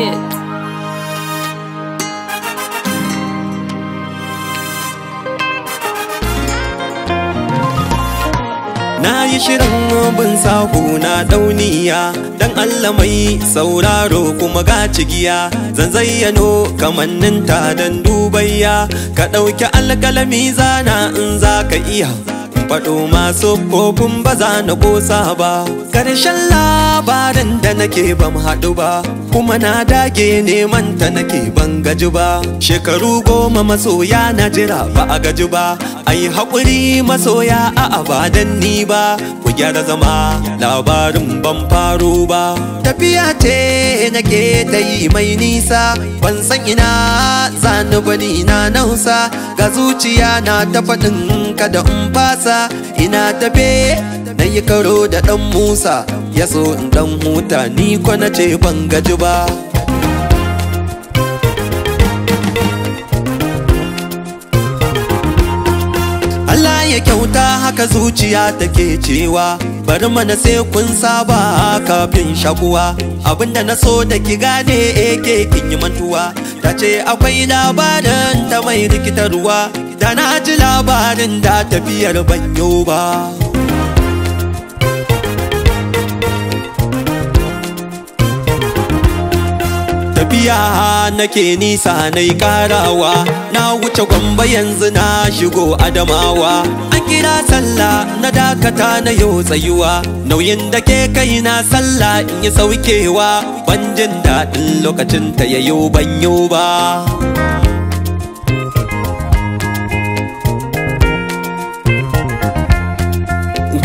shit. Na yi shirin bin sako na dauniya Dan Allah mai sauraro kuma ga cigiya Zan zayyano kamanninta don dubayya Ka ɗauki alƙalami zana in zaka iya faɗo masu kofin ba za na ƙosa ba ƙarshen labarin da nake ban haɗu ba kuma na dage neman ta nake ban gaji ba shekaru goma masoya na jira ba a gaji ba ai haƙuri masoya a abadan ni ba ku gyara zama labarin ban faro ba tafiya ce nake ta yi mai nisa ban san ina zanubani bani na nausa ga zuciya na ta faɗin don da in fasa ina tafe na yi karo da ɗan musa ya so in dan huta ni ko na ce ban gaji ba Allah ya kyauta haka zuciya take cewa bari mana sai kun saba kafin shakuwa abinda na so da ki gane ake eh, kin yi mantuwa ta ce akwai labarin ta mai rikitarwa da na ji labarin da tafiyar banyo ba tafiya nake nisa na yi karawa na wuce gwamba yanzu na shigo adamawa an kira sallah na dakata na yau tsayuwa nauyin da ke kai na sallah in yi saukewa ban jin daɗin lokacin ta yayo ban yau ba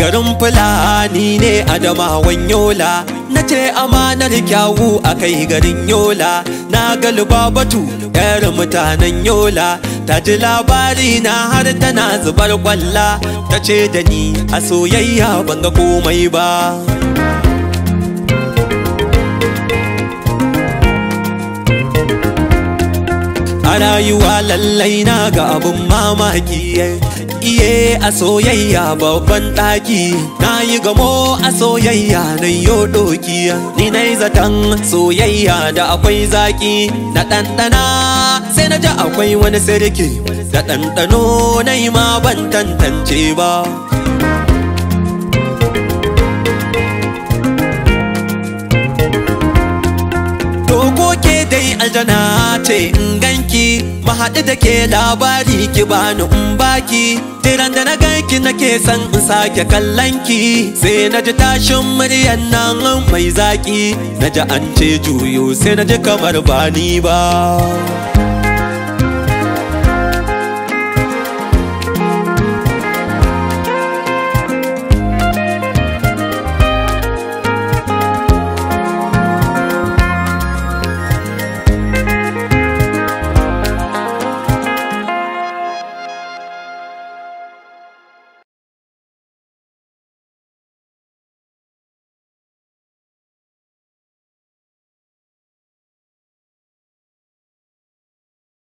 garin fulani ne adamawan yola na ce amanar kyawu a kai garin yola na galiba batu yar mutanen yola ta ji labari na har tana zubar kwalla ta ce da ni a soyayya ban ga komai ba a rayuwa lallai na ga abin mamaki iye a soyayya babban ɗaki na yi gamo a soyayya na yo doki ni na zaton soyayya da akwai zaki na ɗanɗana sai na ji akwai wani sarki da ɗanɗano na yi ma ban tantance ba aljana ce in ganki mahaɗi da ke labari ki bani in baki tiran da na ganki nake san in sake kallonki sai na ji tashin muryar nan mai zaki na ji an ce juyo sai na ji kamar ba ni ba